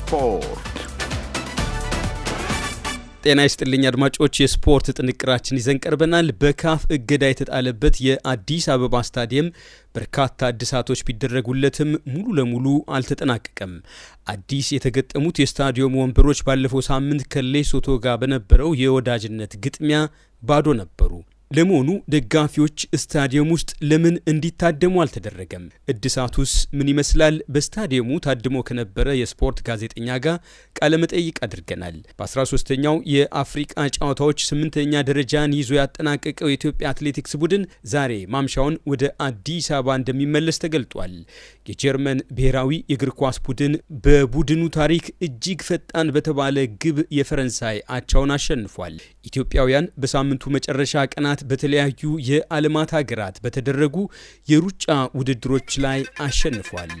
ስፖርት። ጤና ይስጥልኝ አድማጮች፣ የስፖርት ጥንቅራችን ይዘን ቀርበናል። በካፍ እገዳ የተጣለበት የአዲስ አበባ ስታዲየም በርካታ እድሳቶች ቢደረጉለትም ሙሉ ለሙሉ አልተጠናቀቀም። አዲስ የተገጠሙት የስታዲየሙ ወንበሮች ባለፈው ሳምንት ከሌሶቶ ጋር በነበረው የወዳጅነት ግጥሚያ ባዶ ነበሩ። ለመሆኑ ደጋፊዎች ስታዲየም ውስጥ ለምን እንዲታደሙ አልተደረገም? እድሳቱስ ምን ይመስላል? በስታዲየሙ ታድሞ ከነበረ የስፖርት ጋዜጠኛ ጋር ቃለመጠይቅ አድርገናል። በ13ኛው የአፍሪቃ ጨዋታዎች ስምንተኛ ደረጃን ይዞ ያጠናቀቀው የኢትዮጵያ አትሌቲክስ ቡድን ዛሬ ማምሻውን ወደ አዲስ አበባ እንደሚመለስ ተገልጧል። የጀርመን ብሔራዊ የእግር ኳስ ቡድን በቡድኑ ታሪክ እጅግ ፈጣን በተባለ ግብ የፈረንሳይ አቻውን አሸንፏል። ኢትዮጵያውያን በሳምንቱ መጨረሻ ቀናት በተለያዩ የዓለማት ሀገራት በተደረጉ የሩጫ ውድድሮች ላይ አሸንፏል።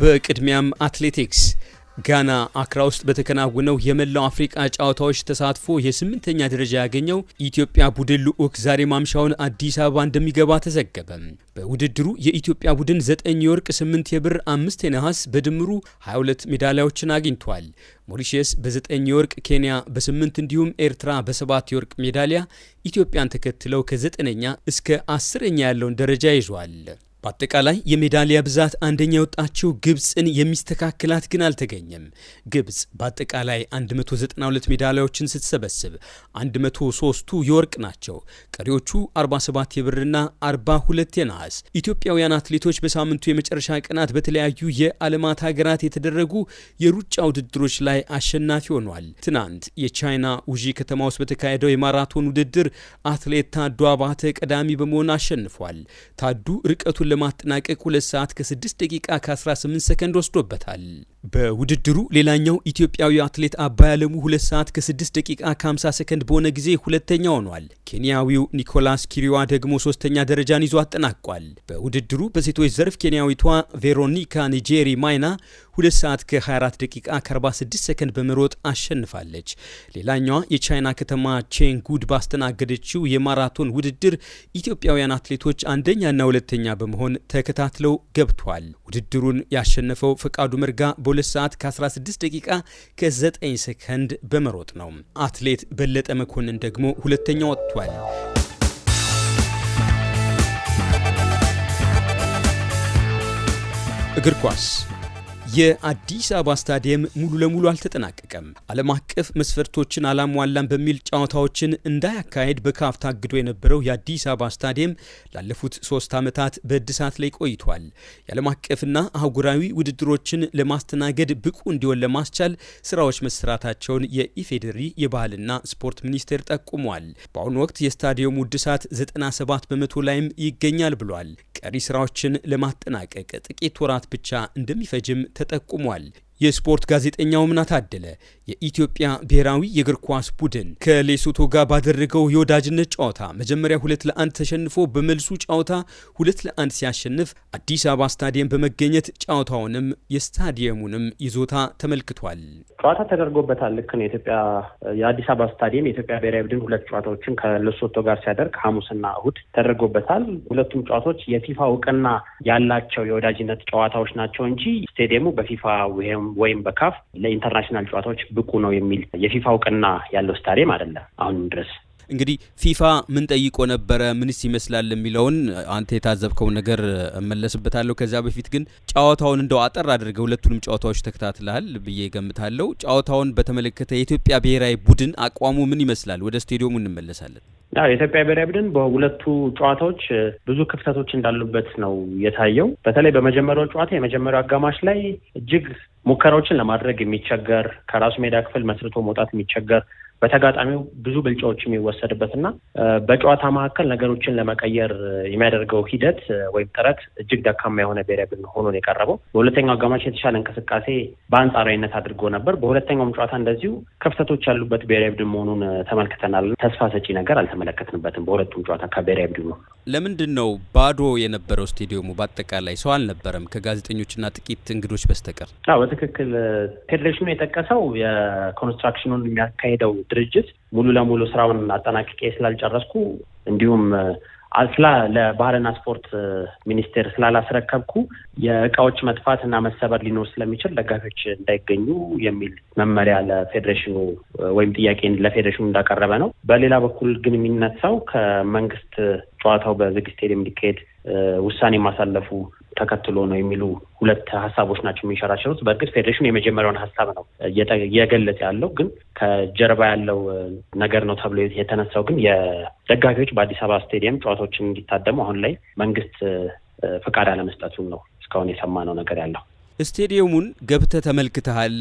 በቅድሚያም አትሌቲክስ ጋና አክራ ውስጥ በተከናወነው የመላው አፍሪቃ ጨዋታዎች ተሳትፎ የስምንተኛ ደረጃ ያገኘው ኢትዮጵያ ቡድን ልዑክ ዛሬ ማምሻውን አዲስ አበባ እንደሚገባ ተዘገበ። በውድድሩ የኢትዮጵያ ቡድን ዘጠኝ የወርቅ፣ ስምንት የብር፣ አምስት የነሐስ በድምሩ 22 ሜዳሊያዎችን አግኝቷል። ሞሪሽስ በዘጠኝ የወርቅ፣ ኬንያ በስምንት እንዲሁም ኤርትራ በሰባት የወርቅ ሜዳሊያ ኢትዮጵያን ተከትለው ከዘጠነኛ እስከ አስረኛ ያለውን ደረጃ ይዟል። በአጠቃላይ የሜዳሊያ ብዛት አንደኛ የወጣችው ግብፅን የሚስተካከላት ግን አልተገኘም። ግብፅ በአጠቃላይ 192 ሜዳሊያዎችን ስትሰበስብ 103ቱ የወርቅ ናቸው። ቀሪዎቹ 47 የብርና 42 የነሐስ። ኢትዮጵያውያን አትሌቶች በሳምንቱ የመጨረሻ ቀናት በተለያዩ የዓለማት ሀገራት የተደረጉ የሩጫ ውድድሮች ላይ አሸናፊ ሆኗል። ትናንት የቻይና ውዢ ከተማ ውስጥ በተካሄደው የማራቶን ውድድር አትሌት ታዱ አባተ ቀዳሚ በመሆን አሸንፏል። ታዱ ርቀቱ ውድድሩን ለማጠናቀቅ ሁለት ሰዓት ከ6 ደቂቃ ከ18 ሰከንድ ወስዶበታል። በውድድሩ ሌላኛው ኢትዮጵያዊ አትሌት አባይ አለሙ ሁለት ሰዓት ከ6 ደቂቃ ከ50 ሰከንድ በሆነ ጊዜ ሁለተኛ ሆኗል። ኬንያዊው ኒኮላስ ኪሪዋ ደግሞ ሶስተኛ ደረጃን ይዞ አጠናቋል። በውድድሩ በሴቶች ዘርፍ ኬንያዊቷ ቬሮኒካ ኒጄሪ ማይና ሁለት ሰዓት ከ24 ደቂቃ ከ46 ሰከንድ በመሮጥ አሸንፋለች። ሌላኛዋ የቻይና ከተማ ቼንጉድ ባስተናገደችው የማራቶን ውድድር ኢትዮጵያውያን አትሌቶች አንደኛና ሁለተኛ በመሆ በመሆን ተከታትለው ገብቷል። ውድድሩን ያሸነፈው ፈቃዱ መርጋ በሁለት ሰዓት ከ16 ደቂቃ ከ9 ሰከንድ በመሮጥ ነው። አትሌት በለጠ መኮንን ደግሞ ሁለተኛ ወጥቷል። እግር ኳስ የአዲስ አበባ ስታዲየም ሙሉ ለሙሉ አልተጠናቀቀም። ዓለም አቀፍ መስፈርቶችን አላሟላም በሚል ጨዋታዎችን እንዳያካሄድ በካፍ ታግዶ የነበረው የአዲስ አበባ ስታዲየም ላለፉት ሶስት ዓመታት በእድሳት ላይ ቆይቷል። የዓለም አቀፍና አህጉራዊ ውድድሮችን ለማስተናገድ ብቁ እንዲሆን ለማስቻል ስራዎች መሰራታቸውን የኢፌዴሪ የባህልና ስፖርት ሚኒስቴር ጠቁሟል። በአሁኑ ወቅት የስታዲየሙ እድሳት 97 በመቶ ላይም ይገኛል ብሏል። ቀሪ ስራዎችን ለማጠናቀቅ ጥቂት ወራት ብቻ እንደሚፈጅም ተጠቁሟል። የስፖርት ጋዜጠኛው ምና አደለ የኢትዮጵያ ብሔራዊ የእግር ኳስ ቡድን ከሌሶቶ ጋር ባደረገው የወዳጅነት ጨዋታ መጀመሪያ ሁለት ለአንድ ተሸንፎ በመልሱ ጨዋታ ሁለት ለአንድ ሲያሸንፍ አዲስ አበባ ስታዲየም በመገኘት ጨዋታውንም የስታዲየሙንም ይዞታ ተመልክቷል። ጨዋታ ተደርጎበታል። ልክ ነው። የኢትዮጵያ የአዲስ አበባ ስታዲየም የኢትዮጵያ ብሔራዊ ቡድን ሁለት ጨዋታዎችን ከሌሶቶ ጋር ሲያደርግ ሐሙስና እሁድ ተደርጎበታል። ሁለቱም ጨዋታዎች የፊፋ እውቅና ያላቸው የወዳጅነት ጨዋታዎች ናቸው እንጂ ስቴዲየሙ በፊፋ ወይም በካፍ ለኢንተርናሽናል ጨዋታዎች ብቁ ነው የሚል የፊፋ እውቅና ያለው ስታዲየም አይደለም አሁንም ድረስ። እንግዲህ ፊፋ ምን ጠይቆ ነበረ? ምንስ ይመስላል የሚለውን አንተ የታዘብከውን ነገር እመለስበታለሁ። ከዚያ በፊት ግን ጨዋታውን እንደው አጠር አድርገ ሁለቱንም ጨዋታዎች ተከታትለሃል ብዬ ገምታለሁ። ጨዋታውን በተመለከተ የኢትዮጵያ ብሔራዊ ቡድን አቋሙ ምን ይመስላል? ወደ ስቴዲየሙ እንመለሳለን። ያው የኢትዮጵያ ብሔራዊ ቡድን በሁለቱ ጨዋታዎች ብዙ ክፍተቶች እንዳሉበት ነው የታየው። በተለይ በመጀመሪያው ጨዋታ የመጀመሪያው አጋማሽ ላይ እጅግ ሙከራዎችን ለማድረግ የሚቸገር ከራሱ ሜዳ ክፍል መስርቶ መውጣት የሚቸገር በተጋጣሚው ብዙ ብልጫዎች የሚወሰድበት እና በጨዋታ መካከል ነገሮችን ለመቀየር የሚያደርገው ሂደት ወይም ጥረት እጅግ ደካማ የሆነ ብሔራዊ ቡድን ሆኖ ነው የቀረበው። በሁለተኛው አጋማሽ የተሻለ እንቅስቃሴ በአንጻራዊነት አድርጎ ነበር። በሁለተኛውም ጨዋታ እንደዚሁ ክፍተቶች ያሉበት ብሔራዊ ቡድን መሆኑን ተመልክተናል። ተስፋ ሰጪ ነገር አልተመለከትንበትም። በሁለቱም ጨዋታ ከብሔራዊ ቡድኑ ለምንድን ነው ባዶ የነበረው ስቴዲየሙ? በአጠቃላይ ሰው አልነበረም ከጋዜጠኞችና ጥቂት እንግዶች በስተቀር። በትክክል ፌዴሬሽኑ የጠቀሰው የኮንስትራክሽኑን የሚያካሄደው ድርጅት ሙሉ ለሙሉ ስራውን አጠናቅቄ ስላልጨረስኩ እንዲሁም አስላ ለባህልና ስፖርት ሚኒስቴር ስላላስረከብኩ የእቃዎች መጥፋት እና መሰበር ሊኖር ስለሚችል ደጋፊዎች እንዳይገኙ የሚል መመሪያ ለፌዴሬሽኑ ወይም ጥያቄ ለፌዴሬሽኑ እንዳቀረበ ነው። በሌላ በኩል ግን የሚነሳው ከመንግስት ጨዋታው በዝግ ስቴዲየም ውሳኔ ማሳለፉ ተከትሎ ነው የሚሉ ሁለት ሀሳቦች ናቸው የሚንሸራሸሩት። በእርግጥ ፌዴሬሽኑ የመጀመሪያውን ሀሳብ ነው እየገለጸ ያለው፣ ግን ከጀርባ ያለው ነገር ነው ተብሎ የተነሳው ግን የደጋፊዎች በአዲስ አበባ ስቴዲየም ጨዋታዎችን እንዲታደሙ አሁን ላይ መንግስት ፍቃድ አለመስጠቱን ነው እስካሁን የሰማነው ነገር ያለው። ስቴዲየሙን ገብተ ተመልክተሃል።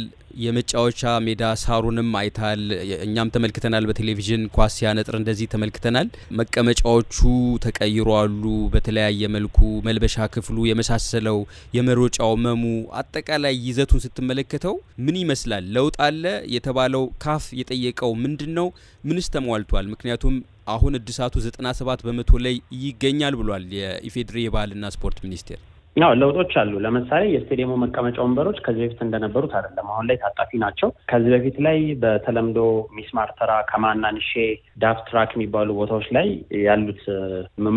የመጫወቻ ሜዳ ሳሩንም አይታል። እኛም ተመልክተናል። በቴሌቪዥን ኳስ ሲያነጥር እንደዚህ ተመልክተናል። መቀመጫዎቹ ተቀይሯሉ አሉ በተለያየ መልኩ መልበሻ ክፍሉ የመሳሰለው የመሮጫው መሙ አጠቃላይ ይዘቱን ስትመለከተው ምን ይመስላል? ለውጥ አለ የተባለው ካፍ የጠየቀው ምንድን ነው? ምንስ ተሟልቷል? ምክንያቱም አሁን እድሳቱ 97 በመቶ ላይ ይገኛል ብሏል የኢፌዴሪ የባህልና ስፖርት ሚኒስቴር። ያው ለውጦች አሉ። ለምሳሌ የስቴዲየሙ መቀመጫ ወንበሮች ከዚህ በፊት እንደነበሩት አይደለም። አሁን ላይ ታጣፊ ናቸው። ከዚህ በፊት ላይ በተለምዶ ሚስማር ተራ፣ ከማናንሼ፣ ዳፍ ትራክ የሚባሉ ቦታዎች ላይ ያሉት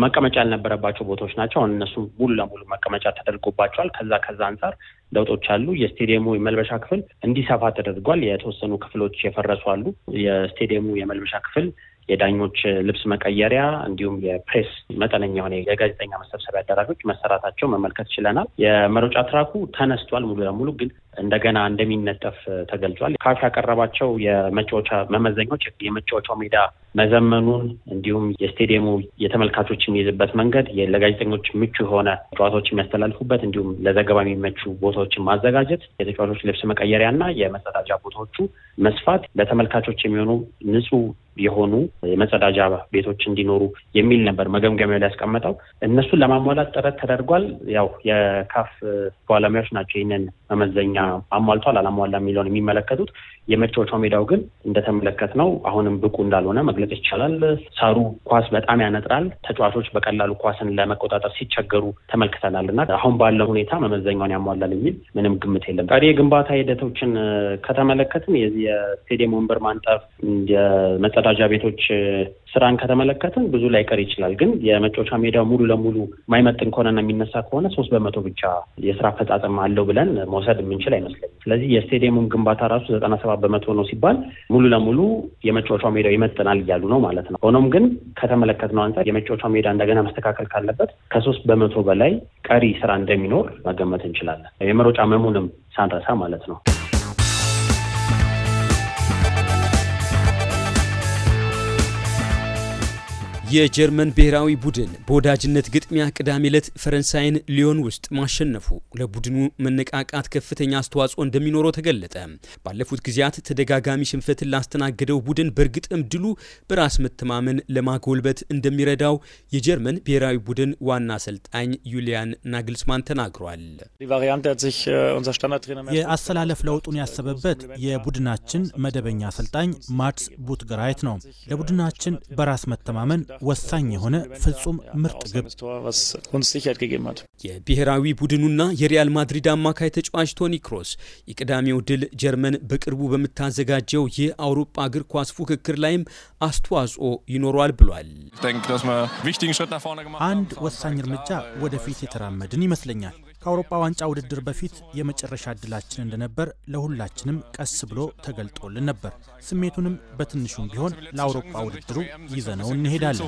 መቀመጫ ያልነበረባቸው ቦታዎች ናቸው። አሁን እነሱ ሙሉ ለሙሉ መቀመጫ ተደርጎባቸዋል። ከዛ ከዛ አንጻር ለውጦች አሉ። የስቴዲየሙ የመልበሻ ክፍል እንዲሰፋ ተደርጓል። የተወሰኑ ክፍሎች የፈረሱ አሉ። የስቴዲየሙ የመልበሻ ክፍል የዳኞች ልብስ መቀየሪያ እንዲሁም የፕሬስ መጠነኛ የሆነ የጋዜጠኛ መሰብሰቢያ አዳራሾች መሰራታቸው መመልከት ችለናል። የመሮጫ ትራኩ ተነስቷል ሙሉ ለሙሉ ግን እንደገና እንደሚነጠፍ ተገልጿል። ካፍ ያቀረባቸው የመጫወቻ መመዘኛዎች የመጫወቻው ሜዳ መዘመኑን እንዲሁም የስቴዲየሙ የተመልካቾች የሚይዝበት መንገድ ለጋዜጠኞች ምቹ የሆነ ጨዋታዎች የሚያስተላልፉበት እንዲሁም ለዘገባ የሚመቹ ቦታዎችን ማዘጋጀት፣ የተጫዋቾች ልብስ መቀየሪያና የመጸዳጃ ቦታዎቹ መስፋት፣ ለተመልካቾች የሚሆኑ ንጹህ የሆኑ የመጸዳጃ ቤቶች እንዲኖሩ የሚል ነበር መገምገሚያ ላይ ያስቀመጠው። እነሱን ለማሟላት ጥረት ተደርጓል። ያው የካፍ ባለሙያዎች ናቸው ይህንን መመዘኛ አሟልቷል አላሟላ የሚለውን የሚመለከቱት። የመጫወቻው ሜዳው ግን እንደተመለከት ነው አሁንም ብቁ እንዳልሆነ መግለጽ ይቻላል። ሳሩ ኳስ በጣም ያነጥራል። ተጫዋቾች በቀላሉ ኳስን ለመቆጣጠር ሲቸገሩ ተመልክተናል እና አሁን ባለው ሁኔታ መመዘኛውን ያሟላል የሚል ምንም ግምት የለም። ቀሪ የግንባታ ሂደቶችን ከተመለከትን የዚህ የስቴዲየም ወንበር ማንጠፍ፣ የመጸዳጃ ቤቶች ስራን ከተመለከትን ብዙ ላይ ቀር ይችላል። ግን የመጫወቻ ሜዳው ሙሉ ለሙሉ ማይመጥን ከሆነና የሚነሳ ከሆነ ሶስት በመቶ ብቻ የስራ አፈጻጸም አለው ብለን መውሰድ የምንችል አይመስለኝም። ስለዚህ የስቴዲየሙን ግንባታ ራሱ ዘጠና ሰባት በመቶ ነው ሲባል ሙሉ ለሙሉ የመጫወቻው ሜዳው ይመጥናል እያሉ ነው ማለት ነው። ሆኖም ግን ከተመለከትነው አንጻር የመጫወቻው ሜዳ እንደገና መስተካከል ካለበት ከሶስት በመቶ በላይ ቀሪ ስራ እንደሚኖር መገመት እንችላለን። የመሮጫ መሙንም ሳንረሳ ማለት ነው። የጀርመን ብሔራዊ ቡድን በወዳጅነት ግጥሚያ ቅዳሜ ዕለት ፈረንሳይን ሊዮን ውስጥ ማሸነፉ ለቡድኑ መነቃቃት ከፍተኛ አስተዋጽኦ እንደሚኖረው ተገለጠ። ባለፉት ጊዜያት ተደጋጋሚ ሽንፈትን ላስተናገደው ቡድን በእርግጥም ድሉ በራስ መተማመን ለማጎልበት እንደሚረዳው የጀርመን ብሔራዊ ቡድን ዋና አሰልጣኝ ዩሊያን ናግልስማን ተናግሯል። äh, የአሰላለፍ ለውጡን ያሰበበት የቡድናችን መደበኛ አሰልጣኝ ማትስ ቡትግራይት ነው። ለቡድናችን በራስ መተማመን ወሳኝ የሆነ ፍጹም ምርጥ ግብ የብሔራዊ ቡድኑና የሪያል ማድሪድ አማካይ ተጫዋች ቶኒ ክሮስ የቅዳሜው ድል ጀርመን በቅርቡ በምታዘጋጀው የአውሮፓ እግር ኳስ ፉክክር ላይም አስተዋጽኦ ይኖሯል ብሏል። አንድ ወሳኝ እርምጃ ወደፊት የተራመድን ይመስለኛል። ከአውሮፓ ዋንጫ ውድድር በፊት የመጨረሻ እድላችን እንደነበር ለሁላችንም ቀስ ብሎ ተገልጦልን ነበር። ስሜቱንም በትንሹም ቢሆን ለአውሮፓ ውድድሩ ይዘነው እንሄዳለን።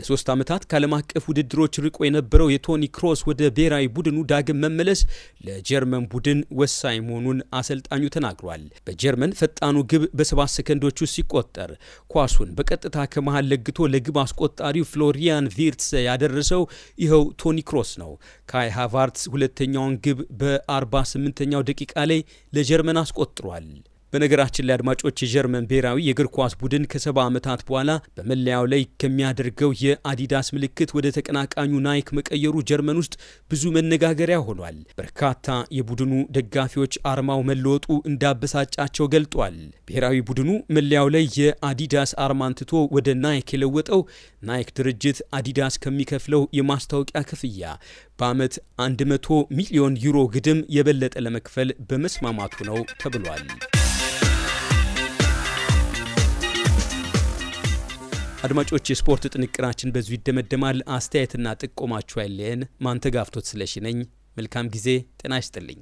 ለሶስት ዓመታት ከዓለም አቀፍ ውድድሮች ርቆ የነበረው የቶኒ ክሮስ ወደ ብሔራዊ ቡድኑ ዳግም መመለስ ለጀርመን ቡድን ወሳኝ መሆኑን አሰልጣኙ ተናግሯል። በጀርመን ፈጣኑ ግብ በሰባት ሰከንዶች ውስጥ ሲቆጠር ኳሱን በቀጥታ ከመሃል ለግቶ ለግብ አስቆጣሪው ፍሎሪያን ቪርትስ ያደረሰው ይኸው ቶኒ ክሮስ ነው። ካይ ሃቫርትስ ሁለተኛውን ግብ በ48ኛው ደቂቃ ላይ ለጀርመን አስቆጥሯል። በነገራችን ላይ አድማጮች የጀርመን ብሔራዊ የእግር ኳስ ቡድን ከሰባ ዓመታት በኋላ በመለያው ላይ ከሚያደርገው የአዲዳስ ምልክት ወደ ተቀናቃኙ ናይክ መቀየሩ ጀርመን ውስጥ ብዙ መነጋገሪያ ሆኗል። በርካታ የቡድኑ ደጋፊዎች አርማው መለወጡ እንዳበሳጫቸው ገልጧል። ብሔራዊ ቡድኑ መለያው ላይ የአዲዳስ አርማ አንትቶ ወደ ናይክ የለወጠው ናይክ ድርጅት አዲዳስ ከሚከፍለው የማስታወቂያ ክፍያ በዓመት 100 ሚሊዮን ዩሮ ግድም የበለጠ ለመክፈል በመስማማቱ ነው ተብሏል። አድማጮች፣ የስፖርት ጥንቅራችን በዚሁ ይደመደማል። አስተያየትና ጥቆማችሁ አይለየን። ማንተጋፍቶት ስለሽነኝ መልካም ጊዜ። ጤና ይስጥልኝ።